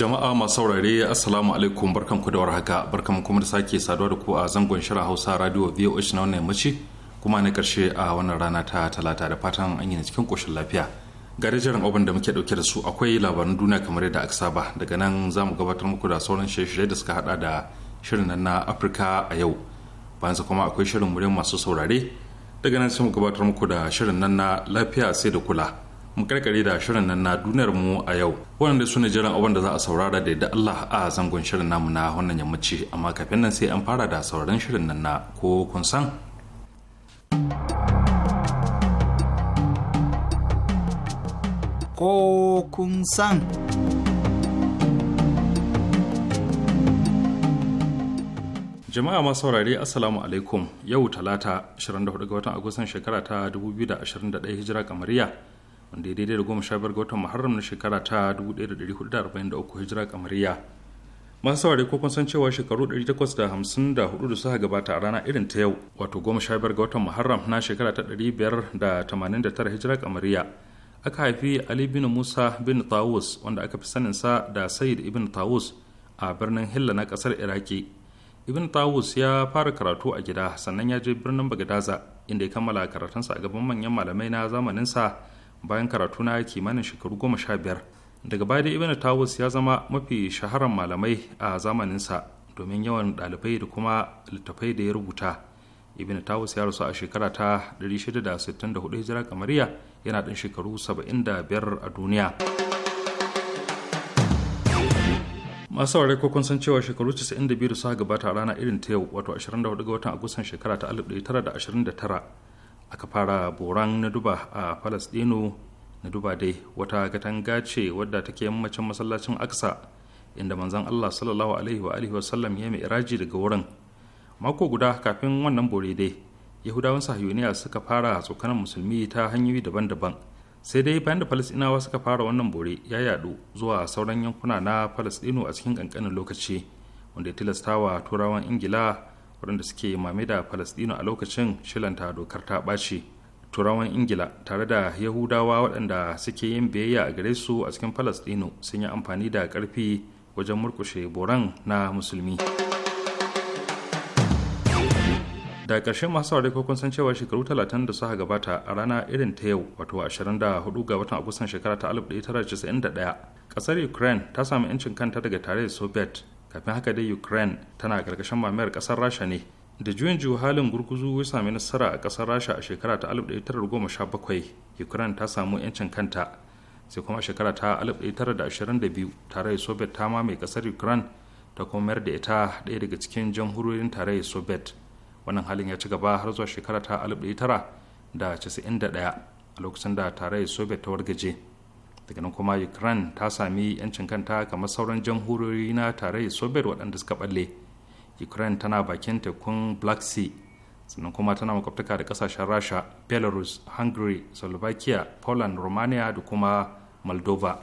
jama'a masu saurare assalamu alaikum barkan ku da warhaka barkan kuma da sake saduwa da ku a zangon shirin hausa radio voh na wannan yammaci kuma na karshe a wannan rana ta talata da fatan an yi cikin koshin lafiya ga jiran abin da muke dauke da su akwai labaran duniya kamar yadda aka saba daga nan za mu gabatar muku da sauran shirye-shirye da suka hada da shirin nan na afirka a yau bayan sa kuma akwai shirin muryar masu saurare daga nan sai mu gabatar muku da shirin nan na lafiya sai da kula mu karkare da shirin nan na duniyar mu a yau waɗanda su ne jiran abin da za a saurara da yadda Allah a zangon shirin namu na wannan yammaci amma kafin nan sai an fara da sauraron shirin nan na ko kun san ko kun san Jama'a masu saurari Assalamu alaikum yau talata 24 ga watan Agustan shekara ta 2021 hijira kamariya wanda ya daidai da goma sha biyar ga watan muharram na shekara ta 1443 hijira kamariya masu saurari ko kun san cewa shekaru 854 da suka gabata a rana irin ta yau wato goma sha biyar ga watan muharram na shekara ta 589 hijira kamariya aka haifi ali bin musa bin tawus wanda aka fi saninsa da sayid ibn tawus a birnin hilla na kasar iraki ibn tawus ya fara karatu a gida sannan ya je birnin bagadaza inda ya kammala karatunsa a gaban manyan malamai na zamaninsa bayan karatu na kimanin shekaru goma sha biyar daga baya da ibn tawus ya zama mafi shaharan malamai a zamaninsa domin yawan dalibai da kuma littafai da ya rubuta ibn tawus ya rasu a shekara ta 664 hijira kamariya yana ɗan shekaru 75 a duniya masu saurari ko kun san cewa shekaru 92 da suka gabata a rana irin ta yau wato 24 ga watan agustan shekara ta 1929 aka fara boran na duba a palestino na duba dai wata katanga ce wadda take yammacin masallacin aksa inda manzon allah sallallahu alaihi wa alihi wasallam ya mai iraji daga wurin mako guda kafin wannan bore dai yahudawan sahiyoniya suka fara tsokanan musulmi ta hanyoyi daban-daban sai dai bayan da falasdinawa suka fara wannan bore ya yadu zuwa sauran yankuna na falasɗinu a cikin kankanin lokaci wanda ya tilasta wa turawan ingila waɗanda suke mame da falastino a lokacin shilanta dokar ta ɓaci turawan ingila tare da yahudawa waɗanda suke yin biyayya a gare su a cikin falastino sun yi amfani da ƙarfi wajen murkushe boran na musulmi da ƙarshe masu saurari kun san cewa shekaru 30 da suka gabata a rana irin ta yau wato 24 ga watan agustan shekara ta 1991 ƙasar ukraine ta sami 'yancin kanta daga tare tarayyar soviet kafin haka dai ukraine tana karkashin mamayar kasar rasha ne da juyin juhu halin gurguzu ya sami nasara a kasar rasha a shekara ta 1917 ukraine ta samu 'yancin kanta sai kuma a shekara ta 1922 tarayyar soviet ta mamaye kasar ukraine ta kuma mayar da ita ɗaya daga cikin jamhuriyoyin tarayyar soviet wannan halin ya ci gaba har zuwa shekara ta 1991 a lokacin da tarayyar soviet ta wargaje daga nan kuma ukraine ta sami yancin kanta kamar sauran jamhuriyoyi na da soviet waɗanda suka balle ukraine tana bakin tekun black sea sannan kuma tana makwabtaka da kasashen rasha belarus hungary slovakia poland romania da kuma moldova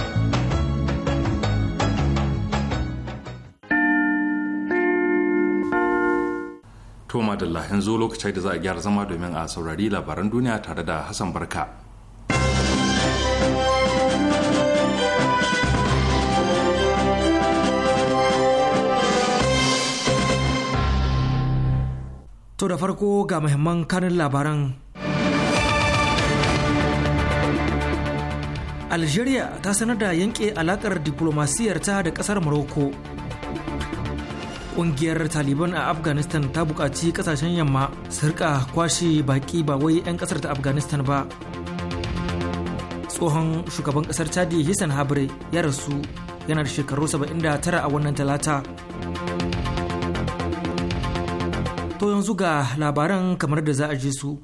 To madalla zo lokacin da za a gyara zama domin a saurari labaran duniya tare da Hassan Barka. To da farko ga muhimman kanin labaran. Algeria ta sanar da yanke alakar diplomasiyarta da kasar Morocco. ƙungiyar taliban a afghanistan ta buƙaci ƙasashen yamma su rika kwashe baƙi ba wai 'yan ƙasar ta afghanistan ba tsohon shugaban ƙasar chadi hisan habre ya rasu yana da shekaru 79 a wannan talata to yanzu ga labaran kamar da za a je su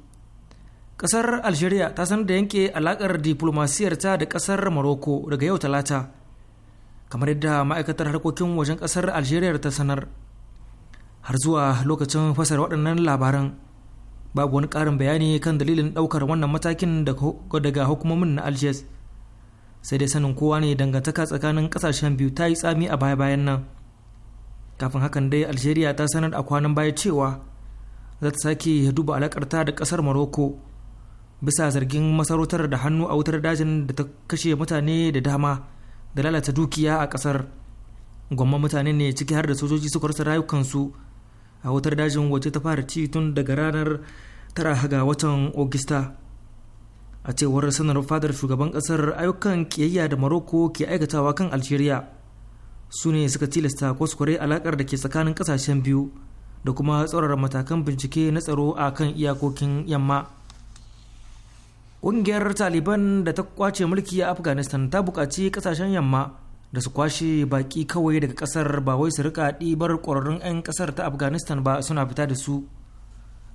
Ƙasar algeria ta sanar da yanke alaƙar diplomasiyarta da ƙasar morocco daga yau talata kamar yadda ma'aikatar harkokin wajen ƙasar algeria ta sanar har zuwa lokacin fasar waɗannan labaran babu wani ƙarin bayani kan dalilin ɗaukar wannan matakin daga hukumomin na algiers sai dai sanin kowa ne dangantaka tsakanin ƙasashen biyu ta yi tsami a baya-bayan nan kafin hakan dai algeria ta sanar a kwanan baya cewa za ta sake duba alakarta da ƙasar morocco bisa zargin masarautar da hannu a wutar dajin da ta kashe mutane da dama da lalata dukiya a kasar gwamma mutane ne ciki har da sojoji suka rasa rayukansu a wutar dajin waje ta fara ci tun daga ranar tara ga watan ogista a cewar sanar fadar shugaban kasar ayyukan kiyayya da maroko ke aikatawa kan algeria su ne suka tilasta kwaskware alakar da ke tsakanin kasashen biyu da kuma tsaurara matakan bincike na tsaro a kan iyakokin yamma ƙungiyar taliban da ta kwace mulki a afghanistan ta buƙaci ƙasashen yamma da su kwashe baƙi kawai daga ƙasar ba wai su rika ɗibar ƙwararrun 'yan ƙasar ta afghanistan ba suna fita da su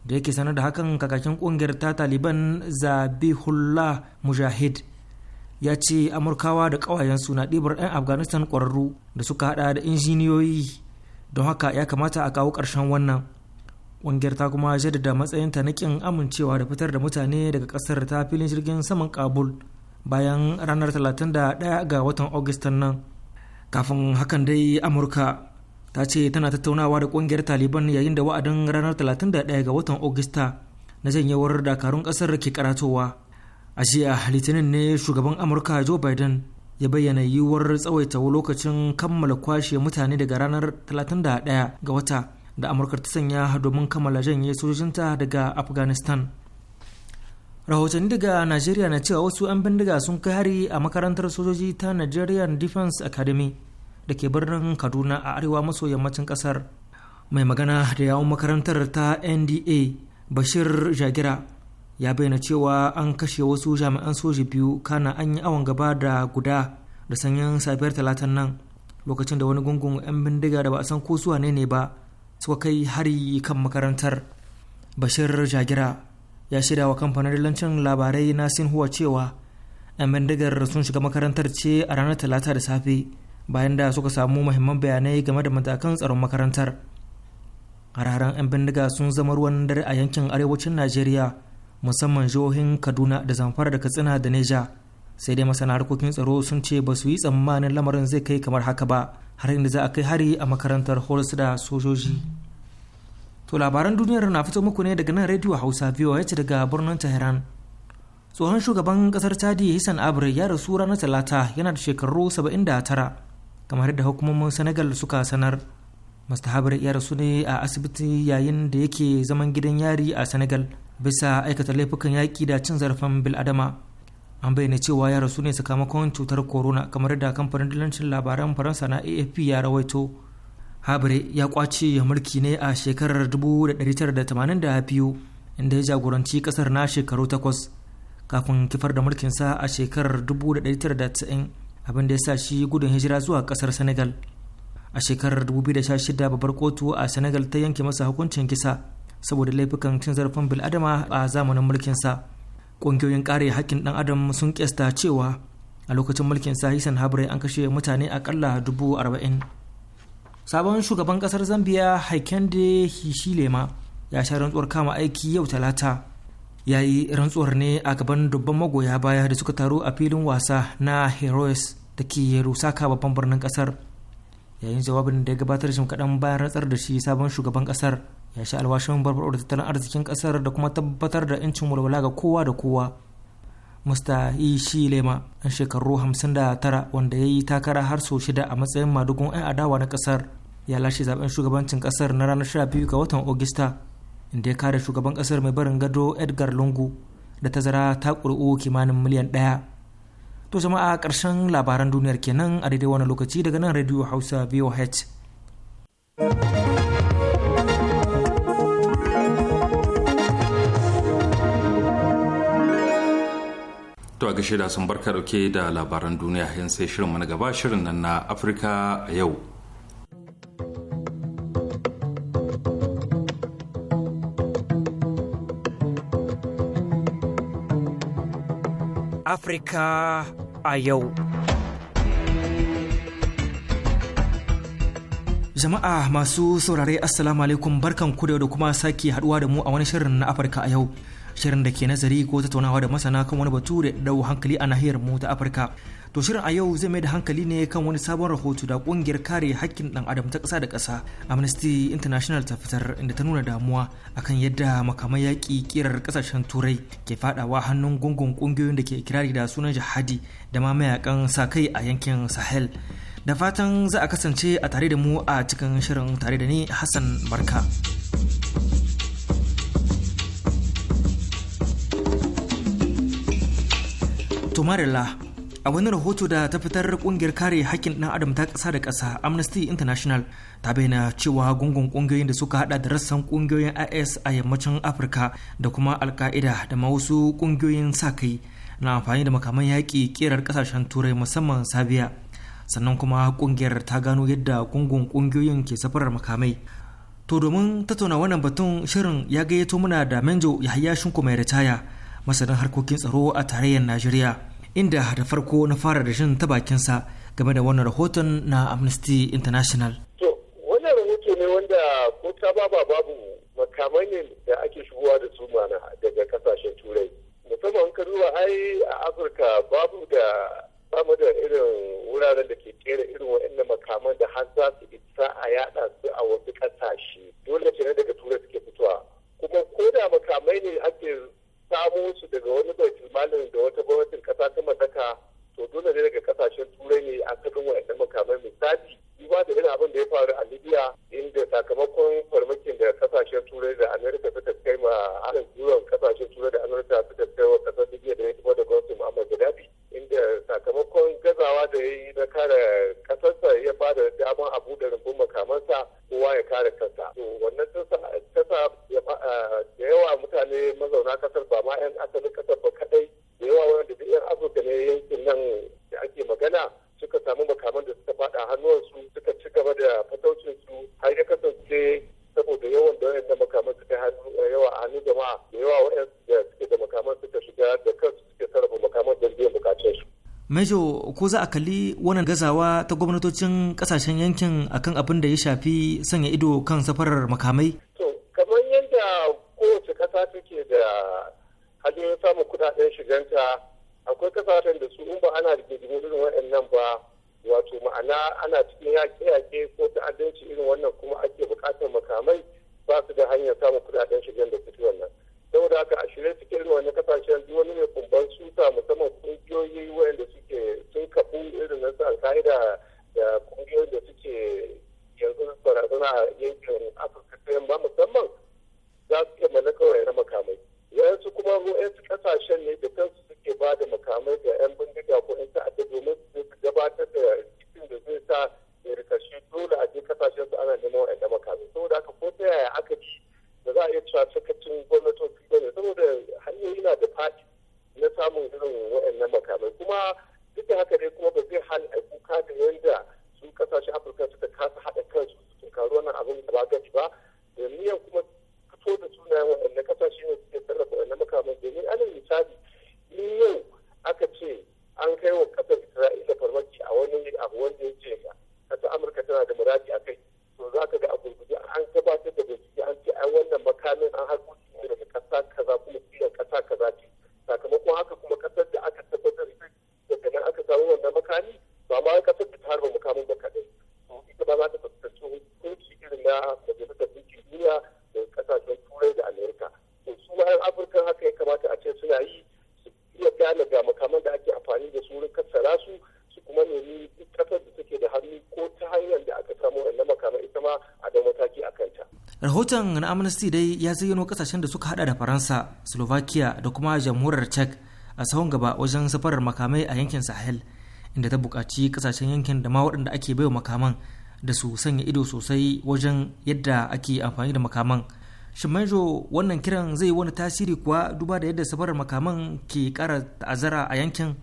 da yake sanar da hakan kakakin ƙungiyar ta taliban zabihullah mujahid ya ce amurkawa da ƙawayensu na ɗibar 'yan afghanistan ƙwararru da suka haɗa da injiniyoyi don haka ya kamata a kawo ƙarshen wannan ƙungiyar ta kuma jaddada matsayinta na ƙin amincewa da fitar da mutane daga ƙasar ta filin jirgin saman kabul bayan ranar 31 ga watan agustan nan kafin hakan dai amurka ta ce tana tattaunawa da ƙungiyar taliban yayin da wa'adin ranar 31 ga watan agusta na janyewar dakarun ƙasar ke karatowa a jiya litinin ne shugaban amurka joe biden ya bayyana yiwuwar tsawaita lokacin kammala kwashe mutane daga ranar 31 ga wata da amurka ta sanya domin kammala janye sojojinta daga afghanistan rahotanni daga najeriya na cewa wasu 'yan bindiga sun kai hari a makarantar sojoji ta nigerian defense academy da ke birnin kaduna a arewa maso yammacin kasar mai magana da yawon makarantar ta nda bashir jagira ya bayyana cewa an kashe wasu jami'an soji biyu kana an yi awon gaba da guda da sanyin safiyar talatan nan lokacin da wani gungun 'yan bindiga da ba a san ko su ne ba suka kai hari kan makarantar bashir jagira ya shirya wa kamfanin lancin labarai na sinhuwa cewa 'yan bindigar sun shiga makarantar ce a ranar talata da safe bayan da suka samu muhimman bayanai game da matakan tsaron makarantar hararen 'yan bindiga sun zama ruwan dare a yankin arewacin najeriya musamman jihohin kaduna da zamfara da katsina da neja sai dai masana harkokin tsaro sun ce ba su yi tsammanin lamarin zai kai kamar haka ba har inda za a kai hari a makarantar horas da sojoji to labaran duniyar na fito muku ne daga nan rediyo hausa biyu ya daga birnin tehran tsohon shugaban kasar chadi hisan abre ya rasu ranar talata yana da shekaru saba'in da tara kamar yadda hukumomin senegal suka sanar mr habre ya rasu ne a asibiti yayin da yake zaman gidan yari a senegal bisa aikata laifukan yaƙi da cin zarafin biladama an bayyana cewa ya rasu ne sakamakon cutar corona kamar da kamfanin dalancin labaran faransa na afp ya rawaito habre ya kwace ya mulki ne a shekarar 1982 inda ya jagoranci kasar na shekaru takwas kafin kifar da mulkinsa a shekarar 1990 abin ya sa shi gudun hijira zuwa kasar senegal a shekarar 2016 babbar kotu a senegal ta yanke masa hukuncin kisa saboda laifukan cin zarafin bil'adama a zamanin mulkinsa ƙungiyoyin kare hakkin ɗan adam sun kesta cewa a lokacin mulkin sahisan habre an kashe mutane akalla dubu arba'in sabon shugaban ƙasar zambia haikende hishilema ya sha rantsuwar kama aiki yau talata ya yi rantsuwar ne a gaban dubban magoya baya da suka taru a filin wasa na heroes da ke rusaka babban birnin kasar yayin jawabin da ya gabatar shi kaɗan bayan rantsar da shi sabon shugaban kasar ya sha alwashin barbar da tattalin arzikin kasar da kuma tabbatar da 'yancin walwala ga kowa da kowa musta yi shi Lema ɗan shekaru 59 wanda ya yi takara har sau shida a matsayin madugun 'yan adawa na kasar ya lashe zaben shugabancin kasar na ranar 12 ga watan Ogista inda ya kare shugaban kasar mai barin gado Edgar Lungu da tazara ta ƙuri'u kimanin miliyan ɗaya. To jama'a karshen labaran duniyar kenan a daidai wani lokaci daga nan Radio Hausa VOH. To a gashe da sun barka dauke da labaran duniya yan sai shirin mana gaba shirin nan na Afirka a yau. Afirka a yau. Jama'a masu saurare Assalamu alaikum barkan ku da kuma sake haduwa da mu a wani shirin na Afirka a yau. shirin da ke nazari ko tattaunawa da masana kan wani batu da dau hankali a nahiyar mu ta afirka to shirin a yau zai mai da hankali ne kan wani sabon rahoto da kungiyar kare hakkin dan adam ta kasa da ƙasa amnesty international ta fitar inda ta nuna damuwa akan yadda makamai yaƙi kirar kasashen turai ke fadawa hannun gungun kungiyoyin da ke kirari da sunan jihadi da ma mayakan sa kai a yankin sahel da fatan za a kasance a tare da mu a cikin shirin tare da ni hassan barka. Tumarilla a wani rahoto da ta fitar kungiyar kare hakkin ɗan adam ta ƙasa da ƙasa amnesty international ta bayyana cewa gungun ƙungiyoyin da suka hada da rassan kungiyoyin is a yammacin afirka da kuma alka'ida da ma wasu kungiyoyin sa kai na amfani da makaman yaƙi ƙerar ƙasashen turai musamman sabiya sannan kuma ƙungiyar ta gano yadda gungun kungiyoyin ke safarar makamai to domin tattauna wannan batun shirin ya gayyato muna da menjo yahaya shinku mai ritaya masanin harkokin tsaro a tarayyar najeriya inda da farko na fara da jin ta bakinsa game da wannan rahoton na amnesty international to wannan rahoto ne wanda ko ta baba babu makamai ne da ake shigowa da su mana daga kasashen turai musamman ka duba ai a afirka babu da samu da irin wuraren da ke kera irin waɗannan makaman da har za su isa a yada su a wasu kasashe dole ne daga turai suke fitowa kuma ko da makamai ne ake samo su daga wani baitul malin da wata gwamnatin kasa ta mallaka to dole ne daga kasashen turai ne a cikin wa'annan makamai misali duba da irin abin da ya faru a libya inda sakamakon farmakin da kasashen turai da amerika suka kai ma alin turan kasashen turai da amerika suka kai wa kasar libya da ya kuma da gwamnatin muhammad gaddafi inda sakamakon gazawa da ya yi na kare ko za a kalli wannan gazawa ta gwamnatocin kasashen yankin akan abin da ya shafi sanya ido kan safarar makamai rahoton na amnesty dai ya zayyano kasashen da suka hada da faransa slovakia da kuma jamhuriyar czech a sahun gaba wajen safarar makamai a yankin sahel inda ta buƙaci kasashen yankin da ma waɗanda ake baiwa makaman da su sanya ido sosai wajen yadda ake amfani da makaman shimanjo wannan kiran zai wani tasiri kuwa duba da yadda safarar makaman ke ƙara ta'azara a yankin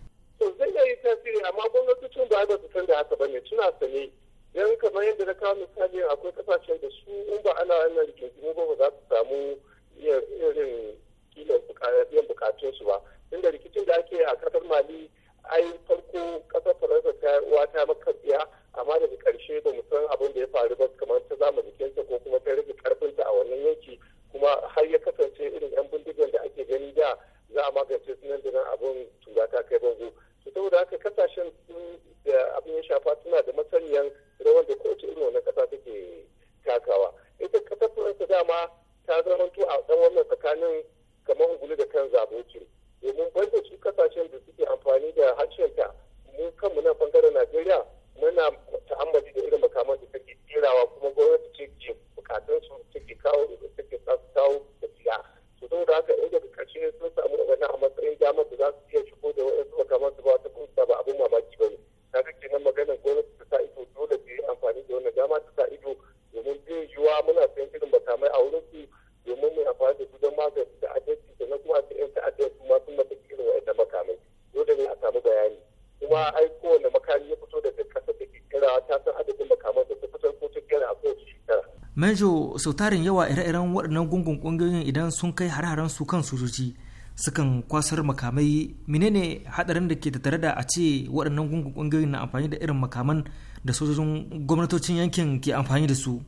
banjo sau tarin yawa ire-iren waɗannan gungun ƙungiyoyin idan sun kai hare-haren su kan sojoji sukan kwasar makamai menene hadarin da ke tattare da a ce waɗannan gungun ƙungiyoyin na amfani da irin makaman da sojojin gwamnatocin yankin ke amfani da su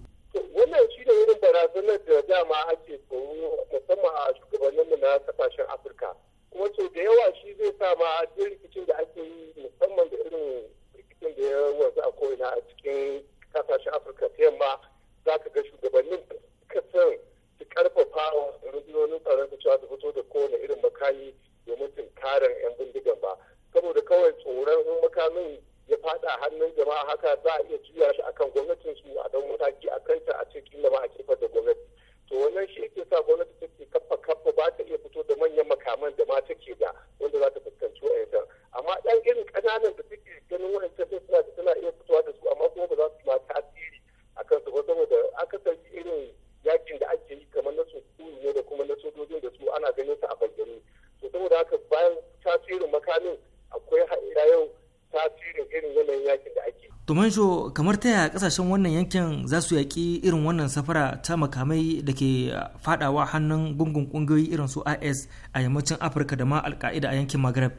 kamar ta yaya kasashen wannan yankin za su yaƙi irin wannan safara ta makamai da ke fadawa hannun gungun ƙungiyoyi irin su is a yammacin afirka da ma alka'ida a yankin maghreb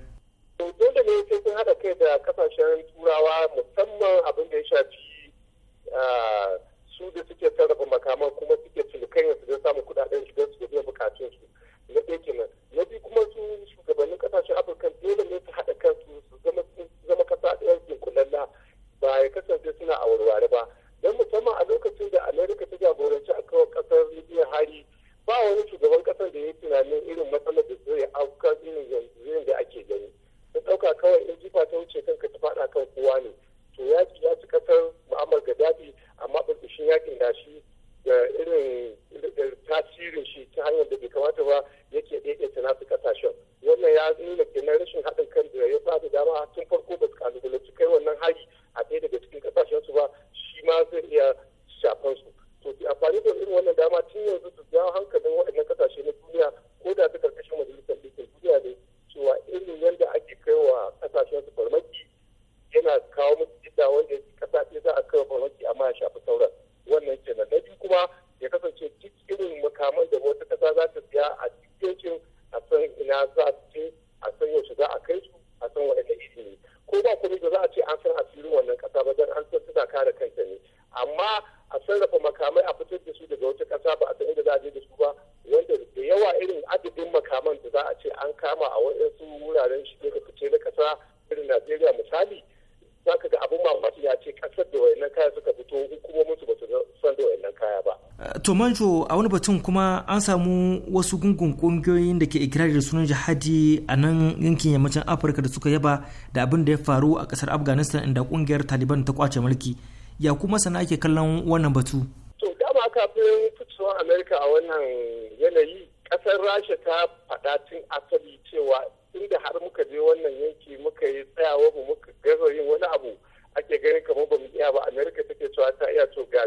dole ne sai sun haɗa kai da kasashen turawa musamman abin da ya shafi ah, su da suke sarrafa makaman kuma a wani batun kuma an samu wasu gungun kungiyoyin da ke ikirari da sunan jihadi a nan yankin yammacin afirka da suka yaba da abin da ya faru a kasar afghanistan inda kungiyar taliban ta kwace mulki ya kuma sana ake kallon wannan batu to dama kafin fitowar amerika a wannan yanayi kasar rasha ta faɗa tun asali cewa inda har muka je wannan yanki muka yi tsayawa mu muka gaza yin wani abu ake ganin kamar ba mu iya ba amerika take cewa ta iya to ga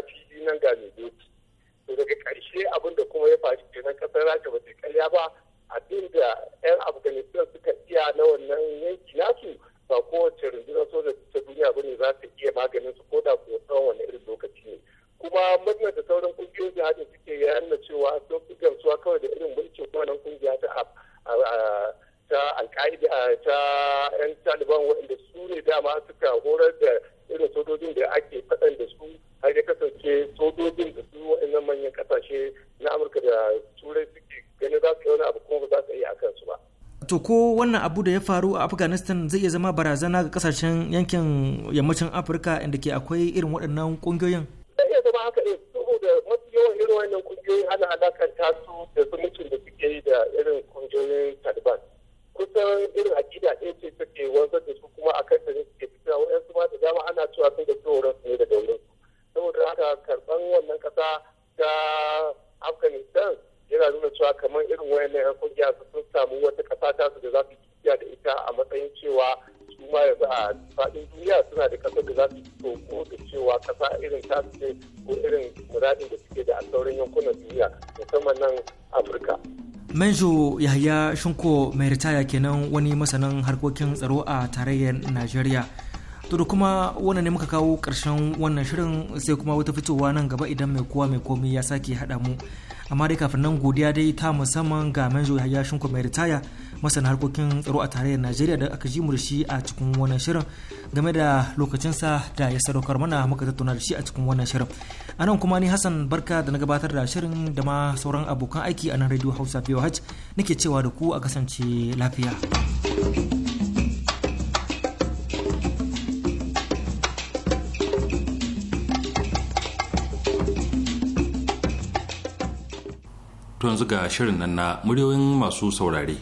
abu da ya faru a afghanistan zai iya zama barazana ga kasashen yankin yammacin afirka inda ke akwai irin waɗannan ƙungiyoyin Shinko mai ritaya kenan wani masanin harkokin tsaro a tarayyar Najeriya. To da kuma wannan ne muka kawo karshen wannan shirin sai kuma wata fitowa nan gaba idan mai kowa mai komi ya sake haɗa mu. Amma dai kafin nan godiya dai ta musamman ga Manjo ya Shinko mai ritaya masanin harkokin tsaro a tarayyar Najeriya da aka ji mu da a cikin wannan shirin game da lokacinsa da ya sadaukar mana muka tattauna da shi a cikin wannan shirin. a kuma ni hassan barka da na gabatar da shirin da ma sauran abokan aiki a nan radio hausa hajj nake cewa da ku a kasance lafiya To yanzu ga shirin nan na muryoyin masu saurare.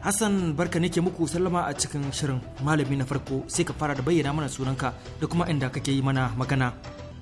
Hassan barka ke muku sallama a cikin shirin malami na farko sai ka fara da bayyana mana sunanka da kuma inda kake yi mana magana.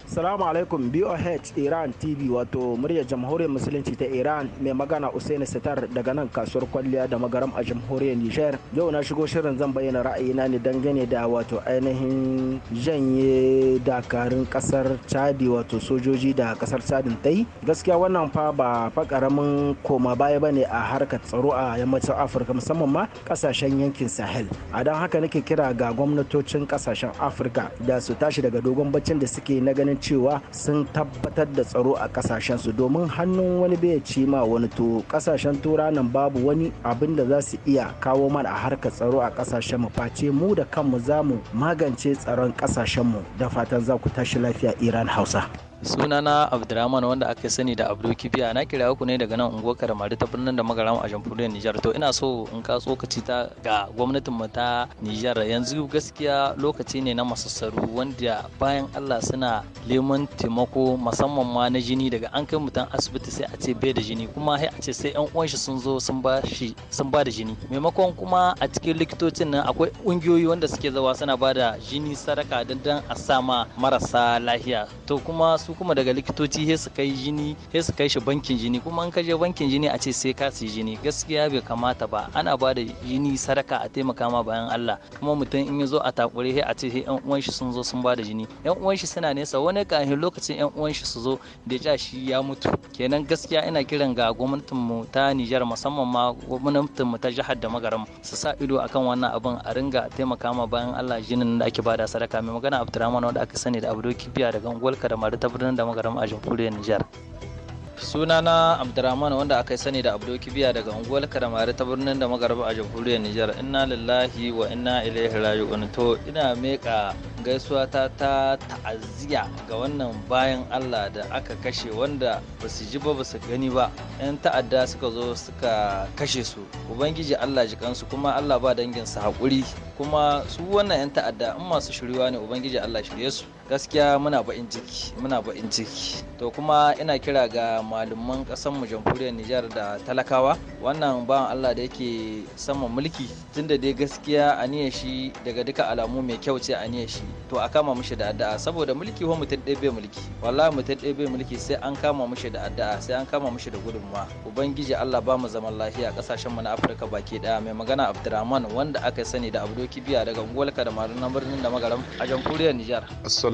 Salamu alaikum BOH Iran TV wato muryar jamhuriyar musulunci ta Iran mai magana Usaini Sitar daga nan kasuwar kwalliya da magaram a jamhuriyar Nijar. Yau na shigo shirin zan bayyana ra'ayina ne dangane da wato ainihin janye dakarun kasar Chadi wato sojoji da kasar Chadin ta yi. Gaskiya wannan fa ba fa karamin koma baya bane a harkar tsaro a yammacin Afirka musamman ma kasashen yankin Sahel. A don haka nake kira ga gwamnatocin kasashen Afirka da su tashi daga dogon baccin da suke na ganin cewa sun tabbatar da tsaro a kasashen su domin hannun wani bai ci ma wani to kasashen tura nan babu wani abin da za su iya kawo mana a harkar tsaro a kasashen mu face mu da kanmu za mu magance tsaron kasashen mu da fatan za ku tashi lafiya iran hausa sunana abdulrahman wanda aka sani da abdu kibiya na kira ku ne daga nan unguwar karamari ta birnin da magaram a jamhuriyar nijar to ina so in ka tsokaci ta ga gwamnatin mu ta nijar yanzu gaskiya lokaci ne na masassaru wanda bayan allah suna neman taimako musamman ma na jini daga an kai mutum asibiti sai a ce bai da jini kuma sai a ce sai yan uwan shi sun zo sun ba shi sun ba da jini maimakon kuma a cikin likitocin nan akwai ƙungiyoyi wanda suke zawa suna ba da jini sadaka don a sa ma marasa lafiya to kuma su kuma daga likitoci sai su kai jini sai su kai shi bankin jini kuma an kaje bankin jini a ce sai ka su jini gaskiya bai kamata ba ana ba da jini sadaka a taimaka ma bayan Allah kuma mutum in ya zo a takure sai a ce sai yan uwan shi sun zo sun ba da jini yan uwan shi suna nesa wani kafin lokacin yan uwan shi su zo da ja shi ya mutu kenan gaskiya ina kiran ga gwamnatin mu ta Nijar musamman ma gwamnatin mu ta jihar da magaram su sa ido akan wannan abin a ringa taimaka ma bayan Allah jinin da ake ba da sadaka mai magana Abdurrahman wanda aka sani da Abdul Kibiya daga Ungwalka da Mari ta birnin da magaram a jamhuriyar Nijar. sunana abdurrahman wanda aka yi sani da Abdul kibiya daga unguwar karamare ta birnin da magaram a jamhuriyar nijar inna lillahi wa inna ilaihi raji'un to ina meka gaisuwa ta ta ta'aziyya ga wannan bayan allah da aka kashe wanda ba su ji ba ba su gani ba yan ta'adda suka zo suka kashe su ubangiji allah ji kansu kuma allah ba dangin su haƙuri kuma su wannan yan ta'adda in masu shiriwa ne ubangiji allah shirye su gaskiya muna ba'in ciki muna ba'in ciki to kuma ina kira ga malaman kasan mu jamhuriyar Nijar da talakawa wannan ba Allah da yake sama mulki tunda dai gaskiya aniyar shi daga duka alamu mai kyau ce aniyar shi to a kama mushi da addu'a saboda mulki ko mutum ɗaya bai mulki wallahi mutum ɗaya bai mulki sai an kama mushi da addu'a sai an kama mushi da gudunmawa ubangiji Allah ba mu zaman lafiya kasashen mu na Afirka baki daya mai magana Abdurrahman wanda aka sani da Abdoki Biya daga Gwalka da Marunan birnin da Magaram a jamhuriyar Nijar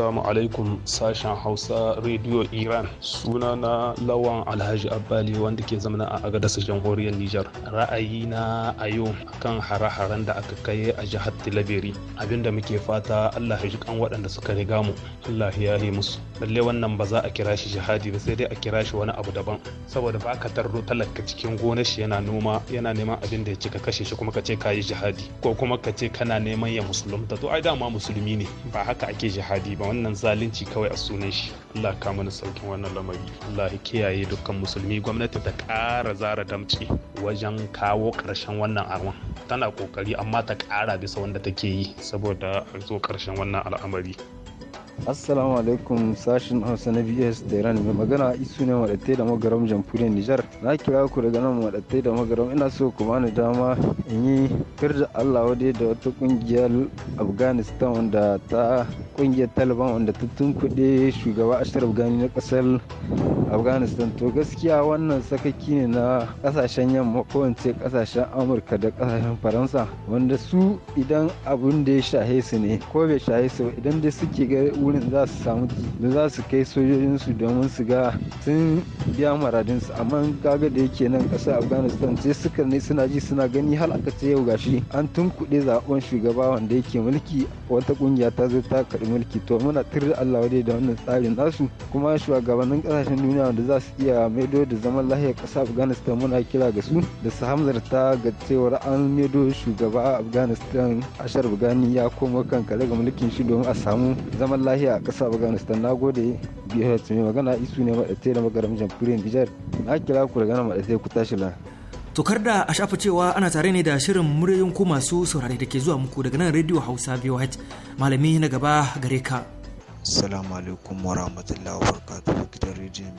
assalamu alaikum sashen hausa radio iran suna na lawan alhaji abbali wanda ke zamana a agadasa jamhuriyar nijar ra'ayi na a yau kan hare-haren da aka kai a jihar tilabiri abinda muke fata allah ya ji kan waɗanda suka riga mu allah ya yi musu lalle wannan ba za a kira shi jihadi ba sai dai a kira shi wani abu daban saboda ba ka tarro talaka cikin gonar shi yana noma yana neman abin da ya ci ka kashe shi kuma ka ce ka yi jihadi ko kuma ka ce kana neman ya musulunta to ai dama musulmi ne ba haka ake jihadi ba wannan zalunci kawai a sunan shi Allah ka mana saukin wannan lamari Allah ya kiyaye dukkan musulmi gwamnati ta ƙara zara damci wajen kawo ƙarshen wannan arwan tana ƙoƙari amma ta ƙara bisa wanda take yi saboda a zo ƙarshen wannan al'amari assalamu alaikum sashin hausa na bs tehran mai magana isu ne wadatai da magaram jamhuriyar nijar na kira ku daga nan maɗatai da magaram ina so ku bani dama in yi firda allah wadai da wata ƙungiyar afghanistan wanda ta ƙungiyar taliban wanda ta tunkuɗe shugaba ashraf gani na ƙasar afghanistan to gaskiya wannan sakaki ne na ƙasashen yamma ko in ce ƙasashen amurka da ƙasashen faransa wanda su idan abun da ya shahe su ne ko bai shahe su idan dai suke ga wurin za su samu da za su kai sojojinsu domin su ga sun biya maradinsu amma kaga da yake nan ƙasa afghanistan sai suka ne suna ji suna gani har aka ce yau gashi an tunkuɗe zaɓen shugaba wanda yake mulki wata ƙungiya ta zo ta karɓi mulki to muna tirar allah wadai da wannan tsarin nasu kuma shugabannin ƙasashen duniya wanda za su iya maido da zaman lahiyar ƙasa afghanistan muna kira ga su da su hamzarta ga cewar an maido shugaba afghanistan ashar bugani ya koma kan kare ga mulkin shi domin a samu zaman lahiya. lahiya a ƙasa afghanistan na gode bihar mai magana isu ne maɗatai da magaram jamhuriyar nijar na kira ku daga nan ku tashi la. tokar da a shafa cewa ana tare ne da shirin muryoyin ku masu saurare da ke zuwa muku daga nan rediyo hausa voh malami na gaba gare ka. Assalamu alaikum wa rahmatullahi wa gidan rediyon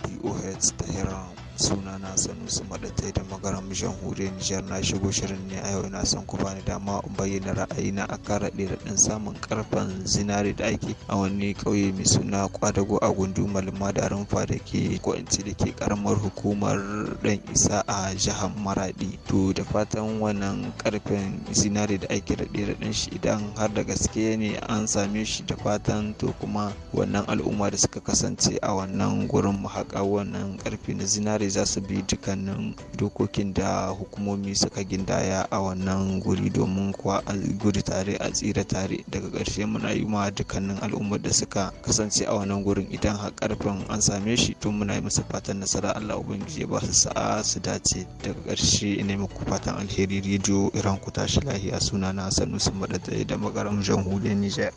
ta sunana sanusi maɗatai da magaram jamhuriyar nijar na shigo shirin ne a yau ina son ku bani dama in bayyana ra'ayina a kan raɗe raɗin samun karfen zinare da ake a wani ƙauye mai suna kwadago a gundu madarin da ke kwanci da ke karamar hukumar ɗan isa a jihar maraɗi to da fatan wannan karfen zinare da ake raɗe raɗin shi idan har da gaske ne an same shi da fatan to kuma wannan al'umma da suka kasance a wannan gurin mahaƙa wannan karfe na zinare dai za su bi dukkanin dokokin da hukumomi suka gindaya a wannan guri domin kuwa a gudu tare a tsira tare daga ƙarshe muna yi ma dukkanin al'ummar da suka kasance a wannan gurin idan har ƙarfin an same shi to muna yi masa fatan nasara Allah ubangiji ya ba su sa'a su dace daga ƙarshe ina muku fatan alheri rediyo iran ku tashi lahiya sunana sanusi madadai da magaram jamhuriyar Nijar.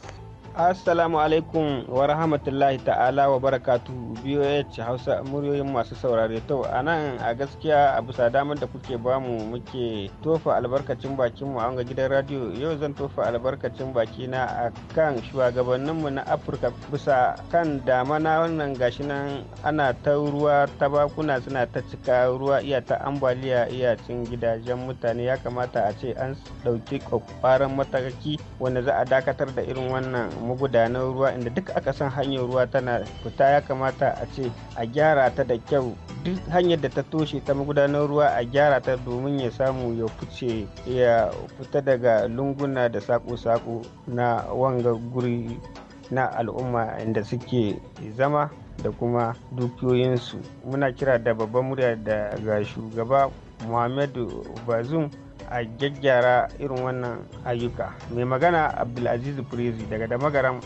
Assalamu alaikum wa rahmatullahi ta'ala wa barakatu BOH Hausa muryoyin masu saurare to a nan a gaskiya a bisa damar da kuke bamu muke tofa albarkacin bakin mu a gidan radio yau zan tofa albarkacin baki na kan shugabanninmu na Afirka bisa kan dama na wannan gashi nan ana ta ruwa ta bakuna suna ta cika ruwa iya ta ambaliya iya cin gidajen mutane ya kamata a ce an ɗauki kwakwaran mataki wanda za a dakatar da irin wannan magudanar ruwa inda duk aka san hanyar ruwa tana fita ya kamata a ce a gyara ta da kyau duk hanyar da ta toshe ta magudanar ruwa a gyara ta domin ya samu ya fice ya fita daga lunguna da sako-sako na wanga guri na al'umma inda suke zama da kuma dukiyoyinsu muna kira da babban murya daga shugaba muhammadu bazum a gyaggyara irin wannan ayyuka mai magana abdulaziz firizi daga damagaram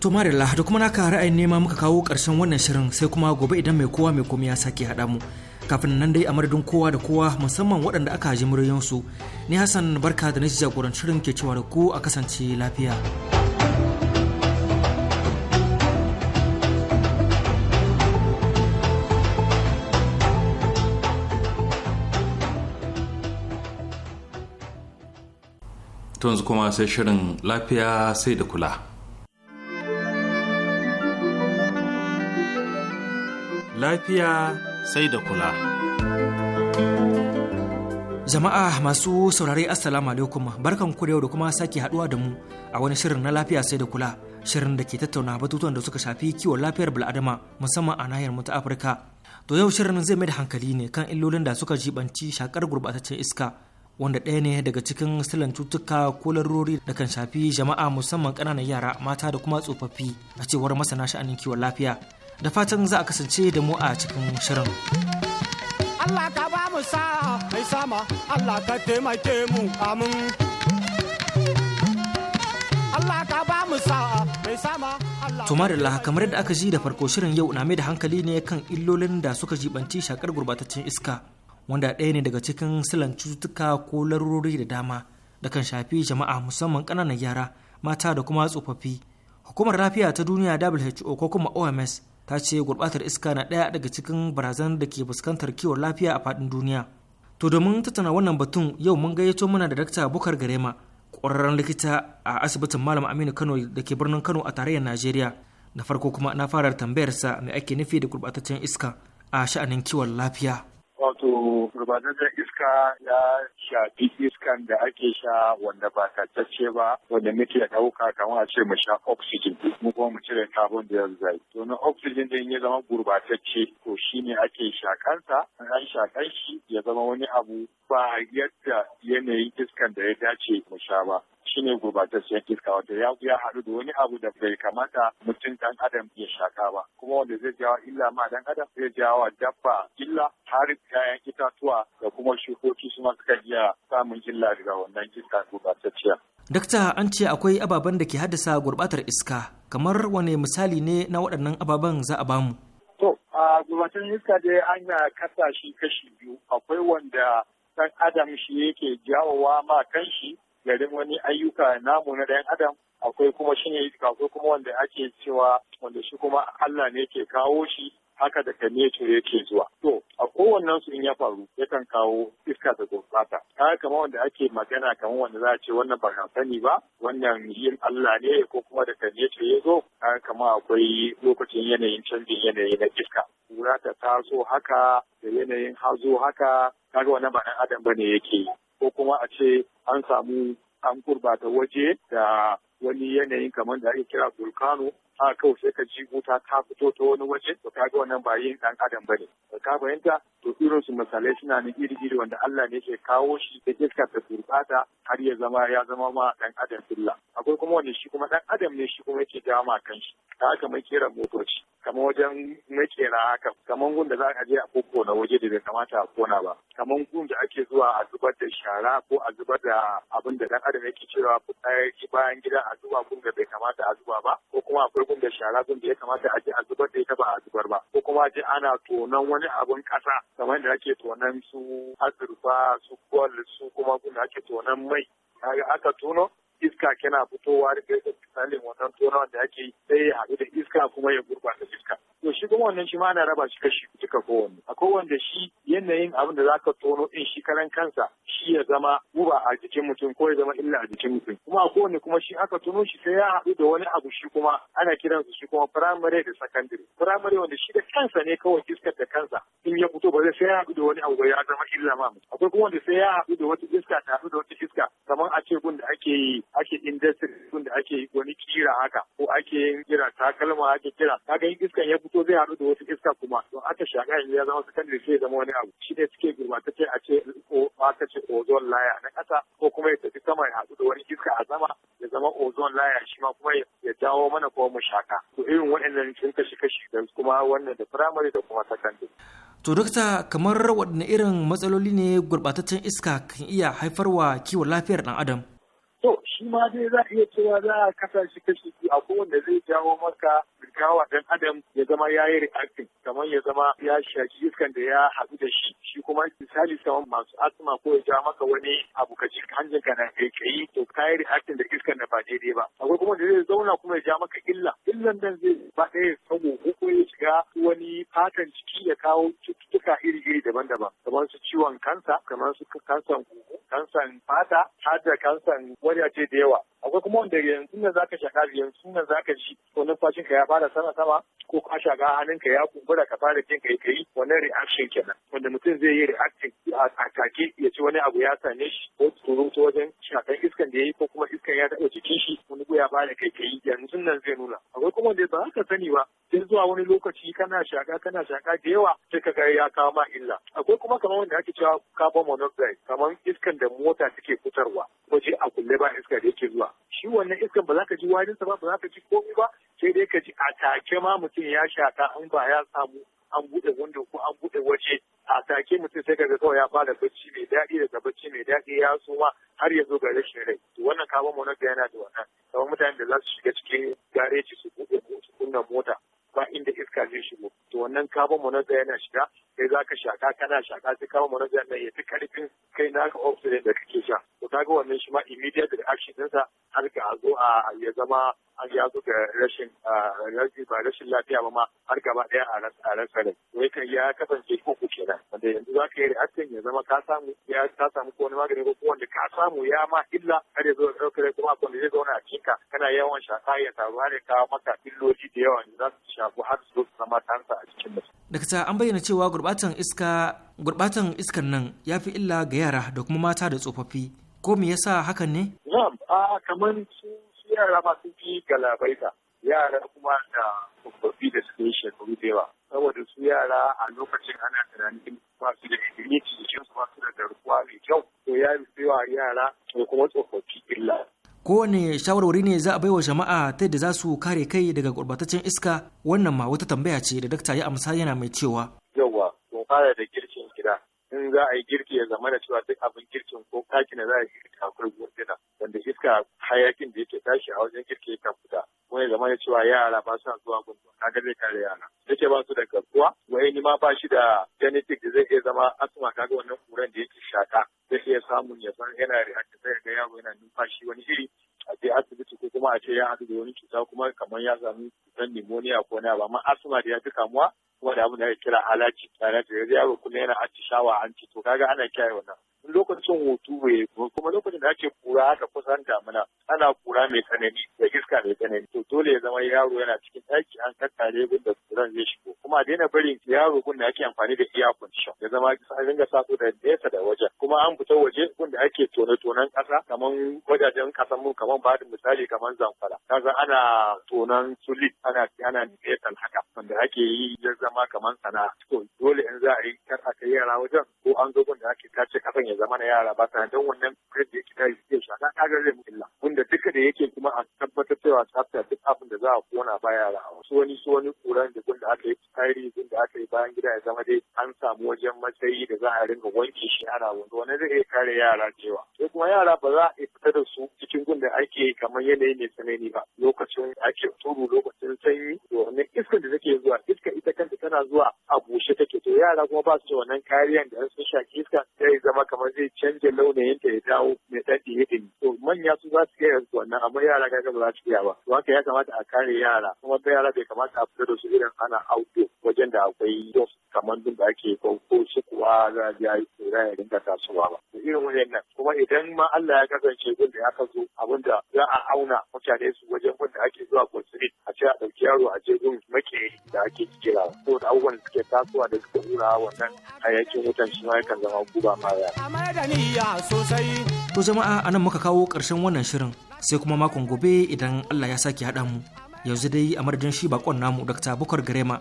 to marilla da kuma naka ra'ayin nema muka kawo karshen wannan shirin sai kuma gobe idan mai kowa mai komai ya sake haɗa mu kafin nan dai a madadin kowa da kowa musamman waɗanda aka haji muryansu ni hassan barka da na jagorancin shirin ke cewa da ku a kasance lafiya. to yanzu kuma sai shirin lafiya sai da kula lafiya sai da kula jama'a masu saurari assalamu alaikum barkan ku da yau da kuma sake haduwa da mu a wani shirin na lafiya sai da kula shirin da ke tattauna batutuwan da suka shafi kiwon lafiyar bil'adama musamman a nahiyar mu ta afirka to yau shirin zai mai da hankali ne kan illolin da suka jibanci shakar gurbataccen iska wanda ɗaya ne daga cikin silan cutuka ko larurori da kan shafi jama'a musamman ƙananan yara mata da kuma tsofaffi a cewar masana sha'anin kiwon lafiya da fatan za a kasance da mu a cikin shirin Allah ka ba mu sa mai sama Allah ka taimake mu amin Allah ka ba mu sa mai sama Tuma da kamar yadda aka ji da farko shirin yau na mai da hankali ne kan illolin da suka jibanci shakar gurbataccen iska wanda ɗaya ne daga cikin silan cututtuka ko larurori da dama da kan shafi jama'a musamman ƙananan yara mata da kuma tsofaffi hukumar lafiya ta duniya who ko kuma oms ta ce gurbatar iska na ɗaya daga cikin barazan da ke fuskantar kiwon lafiya a faɗin duniya to domin tattauna wannan batun yau mun gayyato muna da dakta bukar garema ƙwararren likita a asibitin malam aminu kano da ke birnin kano a tarayyar najeriya na farko kuma na fara tambayarsa mai ake nufi da gurbataccen iska a sha'anin kiwon lafiya Wato gurbataccen iska ya shafi iskan da ake sha wanda ba tatacce ba wanda muke ɗauka kamar a ce mu sha oxygen mu kuma mu cire carbon dioxide. To na oxygen din ya zama gurbatacce ko shi ne ake shakansa an shakan shi ya zama wani abu ba yadda yanayin iskan da ya dace mu sha ba. ne gurbatacciyar iska wato ya ya haɗu da wani abu da bai kamata mutum dan adam ya shaka ba kuma wanda zai jawo illa ma dan adam zai jawo dabba illa har kayan itatuwa da kuma shukoki su masu suka iya samun illa daga wannan iska gurbatacciya. Dakta an ce akwai ababen da ke haddasa gurbatar iska kamar wane misali ne na waɗannan ababen za a bamu. To, a gurbatar iska dai an kasa shi kashi biyu akwai wanda ɗan adam shi yake jawowa ma kanshi garin wani ayyuka namu na ɗan adam akwai kuma shi ne akwai kuma wanda ake cewa wanda shi kuma Allah ne ke kawo shi haka da ka yake zuwa. To, a kowannen su in ya faru yakan kawo iska da gurbata. Kaga kamar wanda ake magana kamar wanda za a ce wannan ba sani ba, wannan yin Allah ne ko kuma da ka ya zo, kaga kamar akwai lokacin yanayin canjin yanayi na iska. Kura ta taso haka da yanayin hazo haka, kaga wannan ba ɗan adam ba ne yake yi. ko kuma a ce an samu an gurbata waje da wani yanayin kamar da ake kira bulkano a kawai sai ka ji wuta ta fito ta wani waje to ka ga wannan ba yin dan adam bane ka fahimta to irin su misalai suna nan iri iri wanda Allah ne ke kawo shi da iska ta gurbata har ya zama ya zama ma dan adam illa akwai kuma wanda shi kuma dan adam ne shi kuma yake dama ma shi ta haka mai kera motoci kamar wajen mai kera haka kamar gun da za a je a koko na waje da bai kamata a kona ba kamar gun da ake zuwa a zubar da shara ko a zubar da abin da dan adam yake cewa fitsari bayan gida a zuba gun da bai kamata a zuba ba ko kuma akwai zubar da shara da ya kamata a je a zubar da ita ba a zubar ba ko kuma a je ana tonon wani abun kasa kamar da ake tonon su azurfa su gwal su kuma gun ake tonon mai kaga aka tono iska kena fitowa da yadda misalin wannan tona da ake yi sai ya haɗu da iska kuma ya gurɓata iska. To shi kuma wannan shi ma ana raba shi kashi duka kowanne. Akwai wanda shi yanayin abin da za ka tono ɗin shi karan kansa shi ya zama guba a jikin mutum ko ya zama illa a jikin mutum. Kuma a kowanne kuma shi aka tono shi sai ya haɗu da wani abu shi kuma ana kiransu shi kuma firamare da secondary. Firamare wanda shi da kansa ne kawai iskar da kansa in ya fito ba zai sai ya haɗu da wani abu ba ya zama illa ma Akwai kuma wanda sai ya haɗu da wata iska ta haɗu da wata iska kamar a ce gun da ake yi ake industry da ake wani kira haka ko ake yin kira takalma ake kira kaga yin iskan ya fito zai haɗu da wasu iska kuma to aka shaka in ya zama secondary sai ya zama wani abu shi ne suke gurbatacce a ce ko aka ce ozone layer na ƙasa ko kuma ya tafi sama ya haɗu da wani iska a sama ya zama ozone layer shi ma kuma ya jawo mana kuma mu shaka to irin waɗannan sun kashi kashi da kuma wannan da primary da kuma secondary To dokta kamar waɗanne irin matsaloli ne gurɓataccen iska kan iya haifarwa kiwon lafiyar ɗan adam? To shi ma dai za a iya cewa za a kasa shi kashi biyu a kowanne zai jawo maka gaggawa dan adam ya zama ya yi reacting kamar ya zama ya shaki iskan da ya haɗu da shi shi kuma misali saman masu asma ko ya ja maka wani abu ka hanjin ka na kai to ka yi reacting da iskan da ba daidai ba akwai kuma da zai zauna kuma ya ja maka illa illan nan zai ba ɗaya sabo ko ya shiga wani fatan ciki ya kawo cututtuka iri-iri daban-daban kamar su ciwon kansa kamar su kansan huhu kansan fata har da kansan wani amarya ce da yawa akwai kuma wanda yanzu nan zaka shaka yanzu nan zaka ji ko numfashin ka ya fara sama sama ko ka shaka hannun ka ya kumbura ka fara jin kai kai wannan reaction kenan wanda mutum zai yi reaction a take ya ci wani abu ya same shi ko tsoro ta wajen shakan iskan da ya yi ko kuma iskan ya taɓa jikin shi wani ya fara kai kai yanzu nan zai nuna akwai kuma wanda ba ka sani ba sai zuwa wani lokaci kana shaka kana shaka da yawa sai ka ga ya kawo ma illa akwai kuma kamar wanda ake cewa carbon monoxide kamar iskan da mota take fitarwa waje a kulle ba iska da yake zuwa shi wannan iskan ba za ka ji warinsa ba ba za ka ji komi ba sai dai ka ji a take ma mutum ya shaka an ba ya samu an bude wando ko an bude waje a take mutum sai ka ga kawai ya fara bacci mai daɗi daga bacci mai daɗi ya suma har ya zo ga rashin rai to wannan kabon monar da yana da wannan kamar mutanen da za su shiga cikin gareji su ko su kunna mota ba inda iska zai shigo to wannan carbon monoxide yana shiga sai za ka shaka kana shaka sai carbon monoxide na ya fi karfin kai na ka oxygen da kake sha to kaga wannan shi ma immediate reaction ɗinsa har ga zo a ya zama an ya zo ga rashin rashin ba rashin lafiya ba ma har gaba ɗaya a rasa rai wai kan ya kasance ko ku kenan wanda yanzu za ka yi reaction ya zama ka samu ya ka samu ko wani magani ko wanda ka samu ya ma illa har ya zo da ɗaukar kuma wanda zai zauna a cikin kana yawan shaka ya taru har ya kawo maka illoli da yawa ne za su sha shafu har su zama kansa a cikin mutum. Dakta an bayyana cewa gurbatan iska gurbatan iskan nan ya fi illa ga yara da kuma mata da tsofaffi. Ko me yasa hakan ne? Yam, a kamar su yara ma sun fi da Yara kuma da tsofaffi da suke shekaru da yawa. Saboda su yara a lokacin ana tunanin ba su da ilimi cikin su ba su da garkuwa mai kyau. To ya fi yawa yara da kuma tsofaffi illa. kowane shawarwari ne za a baiwa jama'a ta yadda za su kare kai daga gurbataccen iska wannan ma wata tambaya ce da dakta ya amsa yana mai cewa yawa sun fara da girkin gida in za a yi girki ya zama da cewa duk abin girkin ko kakin da za a yi girki akwai gida wanda iska hayakin da yake tashi a wajen girki ya fita kuma ya zama cewa yara ba sa zuwa gun na gane kare yara yake ba su da garkuwa ni ma ba shi da genetic da zai iya zama asma ga wannan kuran da yake shaka zai iya samun ya san yana react sai ga yaro yana numfashi wani iri a je asibiti ko kuma a ce ya haɗu da wani cuta kuma kamar ya samu cutar pneumonia ko na ba amma asma da ya fi kamuwa kuma da abin da ya kira alaci tare da yaro kuma yana atishawa an ci to kaga ana kiyaye wannan lokacin hutu bai kuma lokacin da ake kura haka kusan damuna. ana kura mai tsanani da iska mai tsanani to dole ya zama yaro yana cikin ɗaki an tattare gun da kuran zai shigo kuma a daina barin yaro gun da ake amfani da iya condition ya zama an dinga sa da nesa da wajen kuma an fita waje gun da ake tone-tonen ƙasa kamar wajajen ƙasan mu kamar ba da misali kamar zamfara kaga ana tonan sulit ana ana nesa haka wanda ake yi ya zama kamar sana'a to dole in za a yi kar a kai yara wajen ko an zo gun da ake tace kafin ya zama na yara ba ta don wannan da yake ta yi shaka kaga zai mu illa da duka da yake kuma a tabbatar cewa tsafta duk abin da za a kona ba yara a wasu wani su wani kuran da gun aka yi tsari gun aka yi bayan gida ya zama dai an samu wajen matsayi da za a ringa wanke shi ana wanda wani zai iya kare yara cewa sai kuma yara ba za a iya fita da su cikin gun da ake kamar yanayi mai tsanani ba lokacin ake turu lokacin sanyi domin iskar da take zuwa iska kanta tana zuwa a bushe take to yara kuma ba su da wannan kariyan da sun shaki iska sai zama kamar zai canja launayin ta ya dawo mai dan dimi to manya su za su iya wannan amma yara ga ba za su iya ba to haka ya kamata a kare yara kuma yara bai kamata a fita da su irin ana outdoor wajen da akwai yau kamar duk da ake ko shi kuwa za a tsira ya dinga tasowa ba da irin nan kuma idan ma Allah ya kasance gun da ya kaso abin da za a auna mutane su wajen wanda ake zuwa gosulit a ce a ɗauki yaro a je gun make da ake kira ko da abubuwan suke tasowa da suka nuna wannan hayakin wutan shi ma yakan zama guba ma yara. To jama'a anan muka kawo ƙarshen wannan shirin sai kuma makon gobe idan Allah ya sake haɗa mu. Yanzu dai a madadin shi bakon namu Dr. Bukar Garema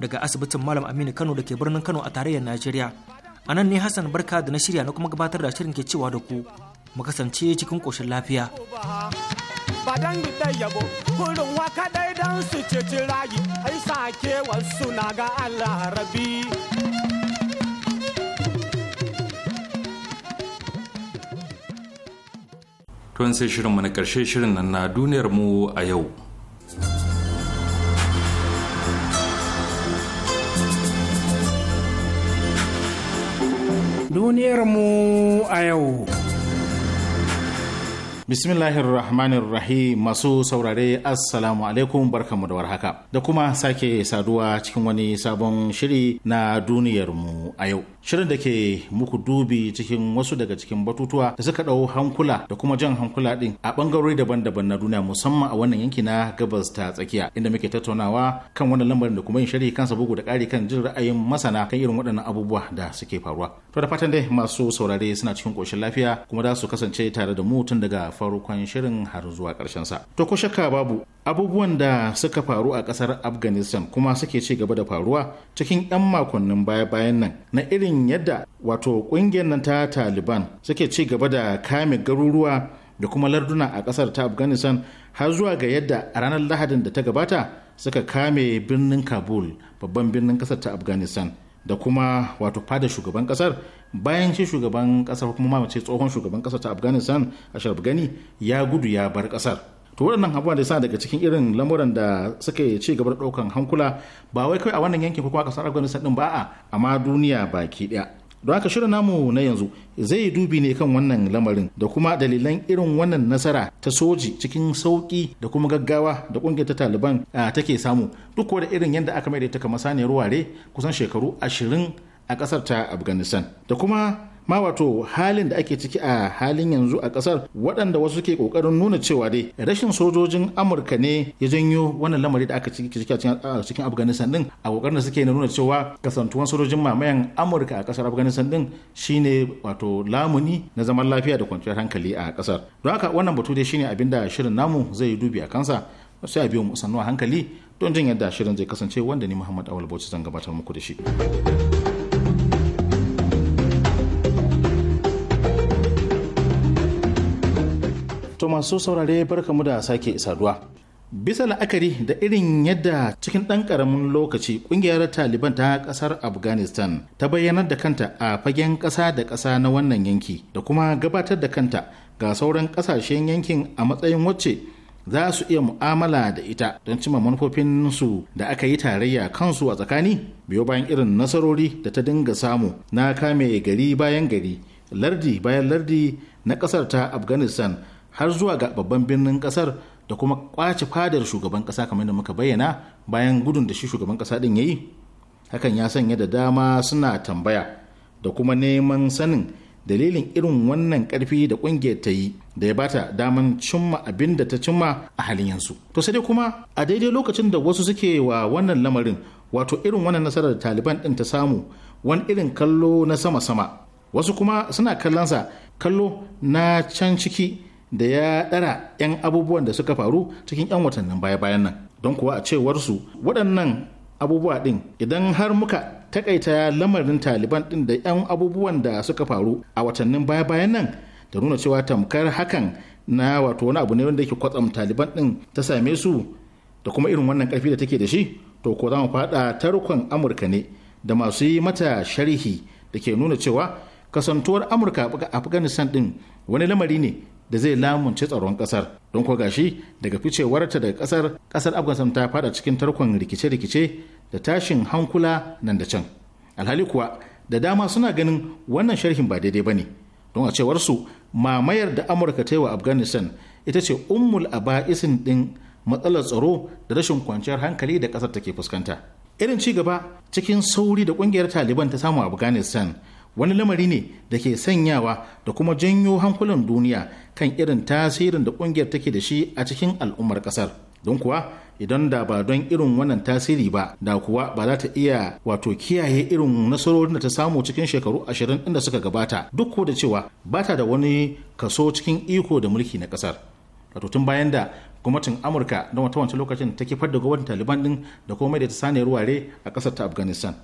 daga asibitin Malam Aminu Kano da ke birnin Kano a tarayyar Najeriya. A nan ne Hassan Barka da na shirya na kuma gabatar da shirin ke cewa da ku mu kasance cikin koshin lafiya. Ba dan yabo kurin wa dan su ceci rayu ai sake wasu na ga Allah rabi. Tuwan sai shirin mana karshe shirin nan na duniyar mu a yau. duniyarmu a yau. Bismillahirrahmanirrahim Rahmanir Rahim masu saurare Assalamu alaikum barkamu da warhaka da kuma sake saduwa cikin wani sabon shiri na duniyarmu a yau. Shirin da ke muku dubi cikin wasu daga cikin batutuwa da suka ɗau hankula da kuma jan hankula ɗin a ɓangarori daban-daban na duniya musamman a wannan yanki na gabas ta tsakiya inda muke tattaunawa kan wannan lambarin da kuma yin shiri kansa bugu da ƙari kan jin ra'ayin masana kan irin waɗannan abubuwa da suke faruwa. To da fatan dai masu saurare suna cikin ƙoshin lafiya kuma za su kasance tare da mu tun daga farkon shirin har zuwa sa To ko shakka babu abubuwan da suka faru a ƙasar Afghanistan kuma suke ci gaba da faruwa cikin 'yan makonnin baya-bayan nan na irin yadda wato ƙungiyar nan ta Taliban suke ci gaba da kame garuruwa da kuma larduna a ƙasar ta Afghanistan har zuwa ga yadda a ranar Lahadin da ta gabata suka kame birnin Kabul babban birnin ƙasar ta Afghanistan da kuma wato fada shugaban ƙasar bayan shi shugaban kasar kuma ce tsohon shugaban kasar ta afghanistan ashraf gani ya gudu ya bar kasar to waɗannan abubuwa da sa daga cikin irin lamuran da suka ci gaba da ɗaukan hankula ba wai kawai a wannan yankin ko kuma kasar afghanistan din ba a amma duniya baki ɗaya don haka shirin namu na yanzu zai dubi ne kan wannan lamarin da kuma dalilan irin wannan nasara ta soji cikin sauki da kuma gaggawa da ƙungiyar ta taliban take samu duk da irin yadda aka mai da ta kama saniyar ware kusan shekaru ashirin a kasar ta afghanistan da kuma ma wato halin da ake ciki a halin yanzu a kasar waɗanda wasu ke ƙoƙarin nuna cewa dai rashin sojojin amurka ne ya janyo wannan lamari da aka ciki a cikin afghanistan din a ƙoƙarin da suke nuna cewa kasantuwan sojojin mamayan amurka a kasar afghanistan din shine wato lamuni na zaman lafiya da kwanciyar hankali a kasar don haka wannan batu dai shine abinda shirin namu zai dubi a kansa sai a biyo mu sannu a hankali don jin yadda shirin zai kasance wanda ni muhammad awal bauchi zan gabatar muku da shi. to masu saurare barkamu da sake saduwa bisa la'akari da irin yadda cikin ɗan ƙaramin lokaci ƙungiyar taliban ta ƙasar afghanistan ta bayyanar da kanta a fagen ƙasa da ƙasa na wannan yanki da kuma gabatar da kanta ga sauran ƙasashen yankin a matsayin wacce za su iya mu'amala da ita don cimma manufofinsu da aka yi tarayya kansu a tsakani biyo bayan irin nasarori da ta dinga samu na kame gari bayan gari lardi bayan lardi na ƙasar ta afghanistan har zuwa ga babban birnin kasar da kuma kwace fadar shugaban kasa kamar da muka bayyana bayan gudun da shi shugaban kasa din ya yi hakan ya sanya da dama suna tambaya da kuma neman sanin dalilin irin wannan karfi da kungiyar ta yi da ya bata daman cimma abin da ta cimma a halin yanzu to sai dai kuma a daidai lokacin da wasu suke wa wannan lamarin wato irin wannan nasarar da taliban din ta samu wani irin kallo na sama-sama wasu kuma suna kallonsa kallo na can ciki da ya ɗara 'yan abubuwan da suka faru cikin 'yan watannin baya-bayan nan don kuwa a cewarsu waɗannan abubuwa ɗin idan har muka takaita lamarin taliban ɗin da 'yan abubuwan da suka faru a watannin baya-bayan nan da nuna cewa tamkar hakan na wato wani abu ne wanda yake kwatsam taliban ɗin ta same su da kuma irin wannan ƙarfi da take da shi to ko za mu faɗa tarkon amurka ne da masu yi mata sharhi da ke nuna cewa kasantuwar amurka a afghanistan ɗin wani lamari ne da zai lamunce tsaron kasar don ko gashi daga ficewarta daga kasar kasar afghanistan ta fada cikin tarkon rikice-rikice da tashin hankula nan da can alhali kuwa da dama suna ganin wannan sharhin ba daidai ba ne don a cewar su mamayar da amurka ta yi wa afghanistan ita ce ummul aba'isin din matsalar tsaro da rashin kwanciyar hankali da kasar take fuskanta irin ci gaba cikin sauri da kungiyar taliban ta samu afghanistan wani lamari ne da ke sanyawa da kuma janyo hankulan duniya kan irin tasirin da kungiyar take da shi a cikin al'ummar kasar don kuwa idan da ba don irin wannan tasiri ba da kuwa ba za ta iya wato kiyaye irin nasarorin da ta samu cikin shekaru ashirin inda suka gabata duk ko da cewa ba ta da wani kaso cikin iko da mulki na kasar wato tun bayan da gwamnatin amurka don wata wancan lokacin ta kifar da gwamnatin taliban din da komai da ta sane ruware a kasar ta afghanistan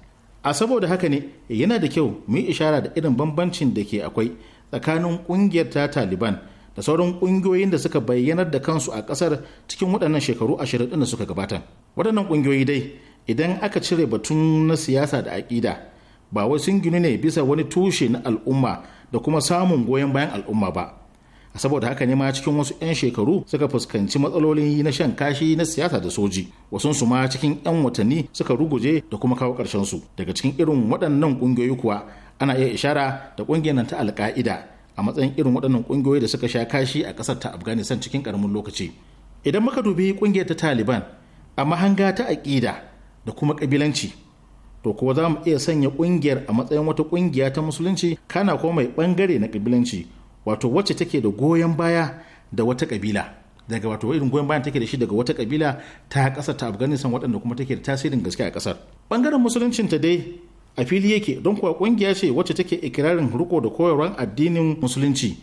a saboda haka ne yana da kyau mu yi ishara da irin bambancin da ke akwai tsakanin kungiyar ta taliban da sauran kungiyoyin da suka bayyanar da kansu a kasar cikin waɗannan shekaru ashirin da suka gabata waɗannan kungiyoyi dai idan aka cire batun na siyasa da aƙida ba wai sun gini ne bisa wani tushe na al'umma da kuma samun goyon bayan al'umma ba saboda haka ne ma cikin wasu 'yan shekaru suka fuskanci matsaloli na shan kashi na siyasa da soji wasu su ma cikin 'yan watanni suka ruguje da kuma kawo ƙarshen su daga cikin irin waɗannan ƙungiyoyi kuwa ana iya ishara da ƙungiyar ta alƙa'ida a matsayin irin waɗannan ƙungiyoyi da suka sha kashi a ƙasar ta afghanistan cikin ƙaramin lokaci idan muka dubi ƙungiyar ta taliban a mahanga ta aƙida da kuma ƙabilanci to kuwa za mu iya sanya ƙungiyar a matsayin wata ƙungiya ta musulunci kana ko mai ɓangare na ƙabilanci wato wacce take da goyon baya da wata kabila daga wato irin goyon bayan take da shi daga wata kabila ta kasar ta afghanistan waɗanda kuma take da tasirin gaske a kasar bangaren musuluncin ta dai a fili yake don kuwa kungiya ce wacce take ikirarin riko da koyarwar addinin musulunci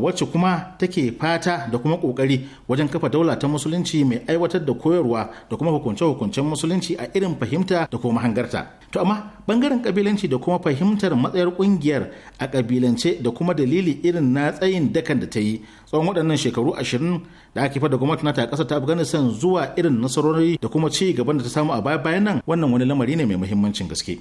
wacce kuma take fata da kuma kokari wajen kafa daula ta musulunci mai aiwatar da koyarwa da kuma hukunce-hukuncen musulunci a irin fahimta da kuma hangarta to amma bangaren kabilanci da kuma fahimtar matsayar kungiyar a kabilance da kuma dalili irin na tsayin dakan da ta yi tsawon waɗannan shekaru ashirin da ake fada gwamnati na ta ƙasa ta afghanistan zuwa irin nasarori da kuma ci gaban da ta samu a baya bayan nan wannan wani lamari ne mai muhimmancin gaske.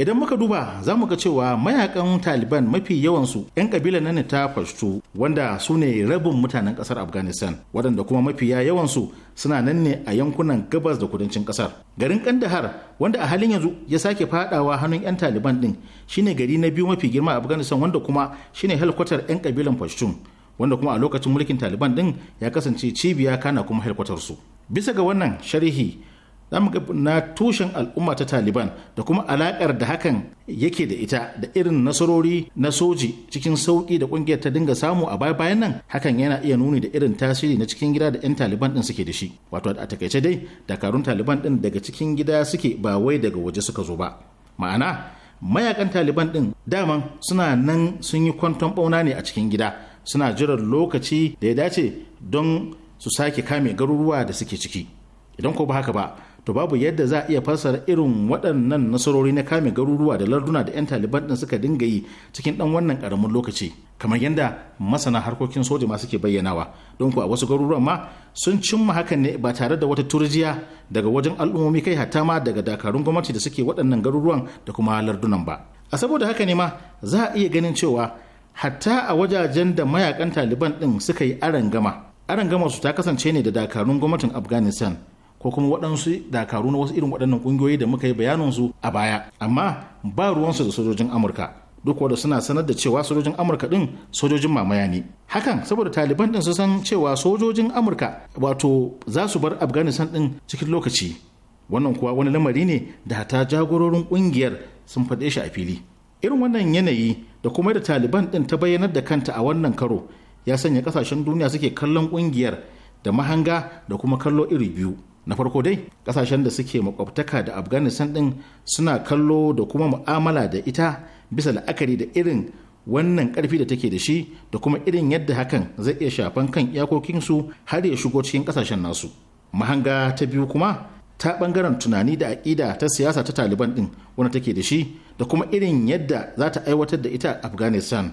idan muka duba za mu ga cewa mayakan taliban mafi yawansu 'yan kabilar nan ta fashtu wanda su ne rabin mutanen kasar afghanistan wadanda kuma mafiya yawansu suna nan ne a yankunan gabas da kudancin kasar garin kandahar wanda a halin yanzu ya sake fadawa hannun 'yan taliban din shine gari na biyu mafi girma a afghanistan wanda kuma shine helkwatar 'yan kabilan fashtun wanda kuma a lokacin mulkin taliban din ya kasance cibiya kana kuma helkwatar su bisa ga wannan sharhi za mu ga na tushen al'umma ta taliban da kuma alakar da hakan yake da ita da irin nasarori na soji cikin sauki da kungiyar ta dinga samu a baya bayan nan hakan yana iya nuni da irin tasiri na cikin gida da 'yan taliban din suke da shi wato a takaice dai dakarun taliban din daga cikin gida suke ba wai daga waje suka zo ba ma'ana mayakan taliban din dama suna nan sun yi kwanton bauna ne a cikin gida suna jiran lokaci da ya dace don su sake kame garuruwa da suke ciki idan ko ba haka ba to babu yadda za a iya fassara irin waɗannan nasarori na kame garuruwa da larduna da 'yan taliban ɗin suka dinga yi cikin ɗan wannan ƙaramin lokaci kamar yadda masana harkokin soja ma suke bayyanawa don ku a wasu garuruwan ma sun cimma hakan ne ba tare da wata turjiya daga wajen al'ummomi kai hatta ma daga dakarun gwamnati da suke waɗannan garuruwan da kuma lardunan ba a saboda haka ne ma za a iya ganin cewa hatta a wajajen da mayakan taliban ɗin suka yi arangama arangama su ta kasance ne da dakarun gwamnatin afghanistan ko kuma waɗansu dakaru na wasu irin waɗannan ƙungiyoyi da muka yi bayaninsu a baya amma ba ruwansu da sojojin amurka duk wanda suna sanar da cewa sojojin amurka din sojojin mamaya ne hakan saboda taliban din su san cewa sojojin amurka wato za su bar afghanistan din cikin lokaci wannan kuwa wani lamari ne da hata jagororin ƙungiyar sun faɗe shi a fili irin wannan yanayi da kuma da taliban din ta bayyanar da kanta a wannan karo ya sanya kasashen duniya suke kallon ƙungiyar da mahanga da kuma kallo iri biyu na farko dai kasashen da suke makwabtaka da afghanistan din suna kallo da kuma mu'amala da ita bisa la'akari da irin wannan karfi da take da shi da kuma irin yadda hakan zai iya shafan kan iyakokinsu har ya shigo cikin kasashen nasu mahanga ta biyu kuma ta bangaren tunani da aƙida ta siyasa ta taliban din wanda take da shi da kuma irin yadda za ta aiwatar da ita afghanistan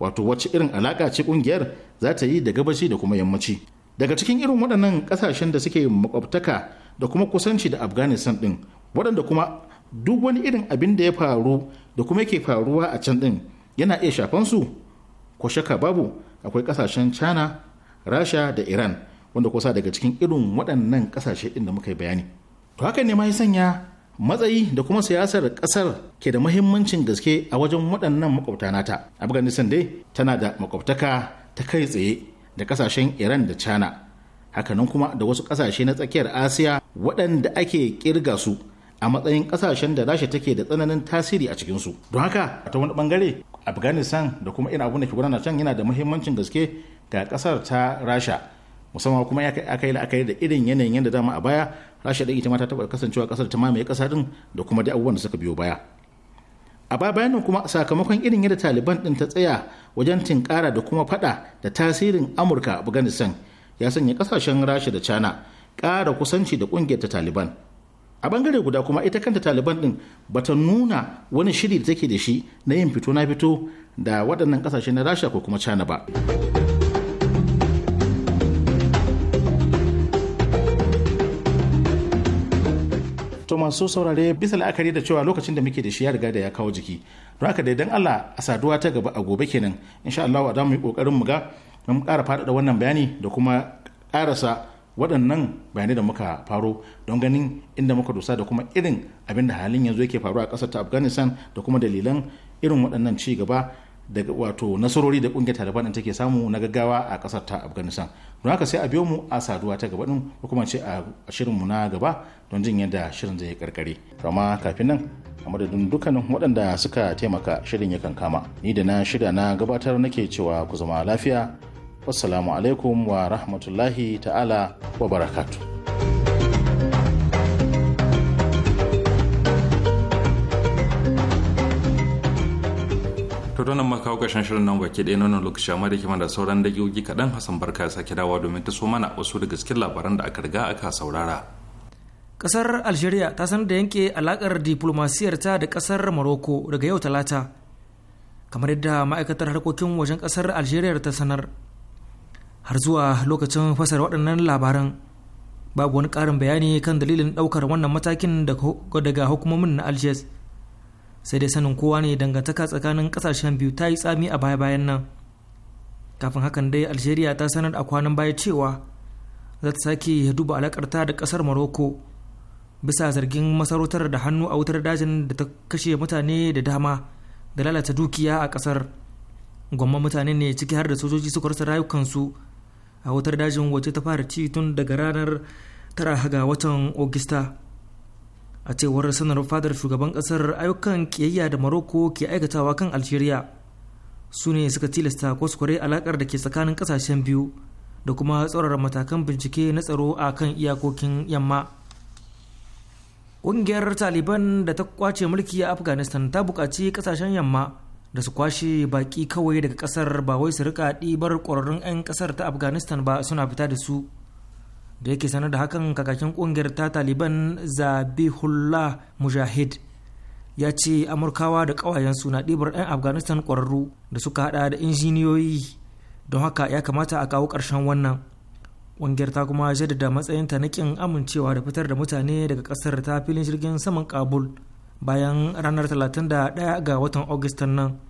wato wacce irin alaƙa ce ƙungiyar za ta yi da gabashi da kuma yammaci daga cikin irin waɗannan ƙasashen da suke makwabtaka da kuma kusanci da afghanistan ɗin waɗanda kuma duk wani irin abin da ya faru da kuma yake faruwa a can ɗin yana iya shafan su ko shaka babu akwai ƙasashen china rasha da iran wanda kusa daga cikin irin waɗannan ƙasashe ɗin da muka yi bayani to haka ne ma ya sanya matsayi da kuma siyasar ƙasar ke da mahimmancin gaske a wajen waɗannan makwabta nata afghanistan dai tana da makwabtaka ta kai tsaye da kasashen iran da china hakanan kuma da wasu kasashe na tsakiyar asiya waɗanda ake kirga su a matsayin kasashen da rasha take da tsananin tasiri a cikin su don haka a ta wani bangare afghanistan da kuma irin abun da ke gudana can yana da muhimmancin gaske ga kasar ta rasha musamman kuma aka yi la'akari da irin yanayin yadda dama a baya rasha da ita ma ta taɓa kasancewa kasar ta mamaye kasa din da kuma da abubuwan da suka biyo baya a baya bayanin kuma sakamakon irin yadda taliban ɗin ta tsaya wajen tinkara da kuma fada da tasirin amurka a afghanistan ya sanya kasashen rasha da china kara kusanci da ƙungiyar ta taliban a bangare guda kuma ita kanta taliban din bata nuna wani shiri da take da shi na yin fito na fito da waɗannan kasashe na rasha ko kuma china ba. to masu saurare bisa la'akari da cewa lokacin da muke da shi ya riga da ya kawo jiki don haka dai Allah a saduwa ta gaba a gobe kenan insha Allah za mu yi kokarin mu ga mun faɗaɗa wannan bayani da kuma ƙarasa waɗannan bayanai da muka faro don ganin inda muka dosa da kuma irin abin da halin yanzu yake faruwa a ƙasar ta afghanistan da kuma dalilan irin waɗannan ci gaba daga wato nasarori da kungiyar taliban take samu na gaggawa a kasar ta afghanistan don haka sai a biyo mu a saduwa ta gaba din ko kuma ce a shirinmu na gaba don jin yadda shirin zai karkare amma kafin nan a madadin dukkanin waɗanda suka taimaka shirin yakan kama ni da na shirya na gabatar nake cewa ku zama lafiya wassalamu alaikum wa rahmatullahi ta'ala wa barakatuh kawo ƙarshen shirin nan baki ɗaya nan lokaci amma da ke da sauran dagiyoyi kaɗan Hassan Barka ya sake dawa domin ta so mana wasu daga cikin labaran da aka riga aka saurara. ƙasar Algeria ta sanar da yanke alakar diplomasiyarta da ƙasar Morocco daga yau Talata. Kamar yadda ma'aikatar harkokin wajen ƙasar Algeria ta sanar. Har zuwa lokacin fasar waɗannan labaran babu wani ƙarin bayani kan dalilin ɗaukar wannan matakin daga hukumomin na algeria sai dai sanin kowa ne dangantaka tsakanin kasashen biyu ta yi tsami a baya-bayan nan kafin hakan dai algeria ta sanar a kwanan baya cewa za ta sake ya duba alakarta da kasar morocco bisa zargin masarautar da hannu a wutar dajin da ta kashe mutane da dama da lalata dukiya a kasar gwamman mutane ne ciki har da sojoji suka rasa rayukansu a wutar dajin waje ta fara ci tun daga ranar tara ga watan ogista a cewar sanar fadar shugaban kasar ayyukan kiyayya da maroko ke aikatawa kan algeria su ne suka tilasta kwaskware alakar da ke tsakanin kasashen biyu da kuma tsaurara matakan bincike na tsaro a kan iyakokin yamma ƙungiyar taliban da ta kwace mulki a afghanistan ta buƙaci kasashen yamma da su kwashe baƙi kawai daga ƙasar ba wai su rika ɗibar ƙwararrun 'yan ƙasar ta afghanistan ba suna fita da su da yake sanar da hakan kakakin kungiyar ta taliban zabihullah mujahid ya ce amurkawa da ƙawayensu na ɗibar 'yan afghanistan ƙwararru da suka hada da injiniyoyi don haka ya kamata a kawo ƙarshen wannan ƙungiyar ta kuma jaddada ta na ƙin amincewa da fitar da mutane daga ƙasar ta filin jirgin saman kabul bayan ranar 31 ga watan agustan nan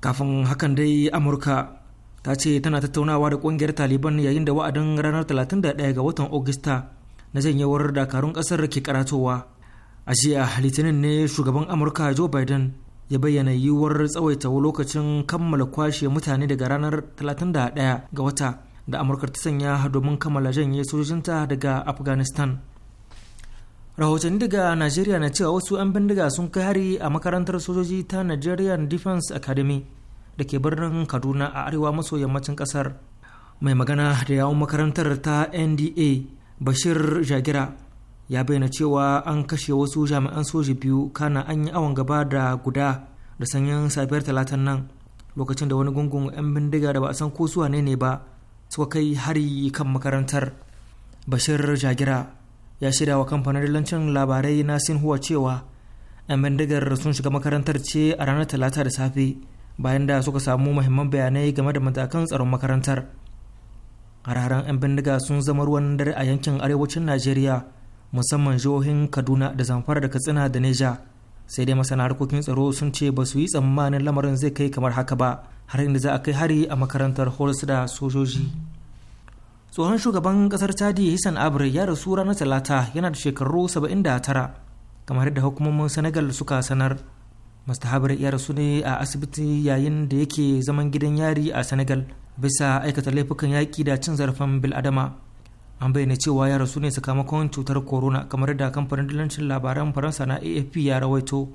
kafin hakan dai amurka ta ce tana tattaunawa da kungiyar taliban yayin da wa'adin ranar 31 ga watan Agusta na janyewar dakarun kasar ke karatowa a jiya litinin ne shugaban amurka joe biden ya bayyana yiwuwar tsawaita lokacin kammala kwashe mutane daga ranar 31 ga wata da amurka ta sanya domin kammala janye sojojinta daga afghanistan rahotanni daga nigeria na cewa wasu 'yan bindiga sun kai hari a makarantar sojoji ta nigerian defense academy da ke birnin kaduna a arewa maso yammacin kasar mai magana da yawon makarantar ta nda bashir jagira ya bayyana cewa an kashe wasu jami'an soji biyu kana an yi awon gaba da guda da sanyin safiyar talatan nan lokacin da wani gungun 'yan bindiga da ba a san ko ne ne ba suka kai hari kan makarantar bashir jagira ya shirya wa kamfanin lancin labarai na sinhuwa cewa 'yan bindigar sun shiga makarantar ce a ranar talata da safe bayan da suka samu muhimman bayanai game da matakan tsaron makarantar hararen 'yan bindiga sun zama ruwan dare a yankin arewacin najeriya musamman jihohin kaduna da zamfara da katsina da neja sai dai masana harkokin tsaro sun ce ba su yi tsammanin lamarin zai kai kamar haka ba har inda za a kai hari a makarantar horas da sojoji tsohon shugaban kasar chadi hisan abri ya rasu ranar talata yana da shekaru 79 kamar yadda hukumomin senegal suka sanar mustahabar ya rasu ne a asibiti yayin da yake zaman gidan yari a senegal bisa aikata laifukan yaƙi da cin zarafin biladama an bayyana cewa ya rasu ne sakamakon cutar corona kamar da kamfanin dalancin labaran faransa na afp ya rawaito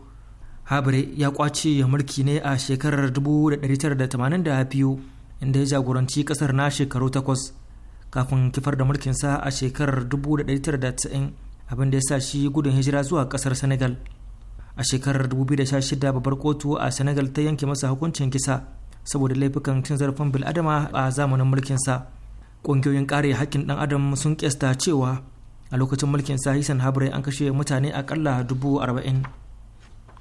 habre ya kwace ya mulki ne a shekarar 1982 inda ya jagoranci kasar na shekaru takwas kafin kifar da mulkinsa a shekarar 1990 abinda ya sa shi gudun hijira zuwa kasar senegal a shekarar 2016 babbar kotu a senegal ta yanke masa hukuncin kisa saboda laifukan cin zarafin bil'adama a zamanin mulkin sa ƙungiyoyin kare hakkin dan adam sun kyasta cewa a lokacin mulkin sa hisan habre an kashe mutane akalla dubu arba'in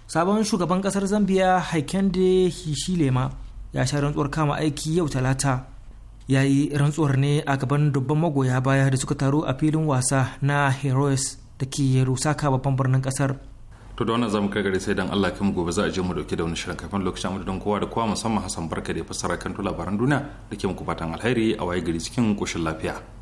sabon shugaban kasar zambia haikende hishilema ya sha rantsuwar kama aiki yau talata ya yi rantsuwar ne a gaban dubban magoya baya da suka taru a filin wasa na heroes da ke rusaka babban birnin kasar. to da wannan zamu kai gare sai dan Allah kai mu gobe za a je mu dauke da wani shirin kafin lokacin mu don kowa da kowa musamman Hassan Barka da ya fassara kan labaran duniya da ke muku fatan alheri a waye gari cikin koshin lafiya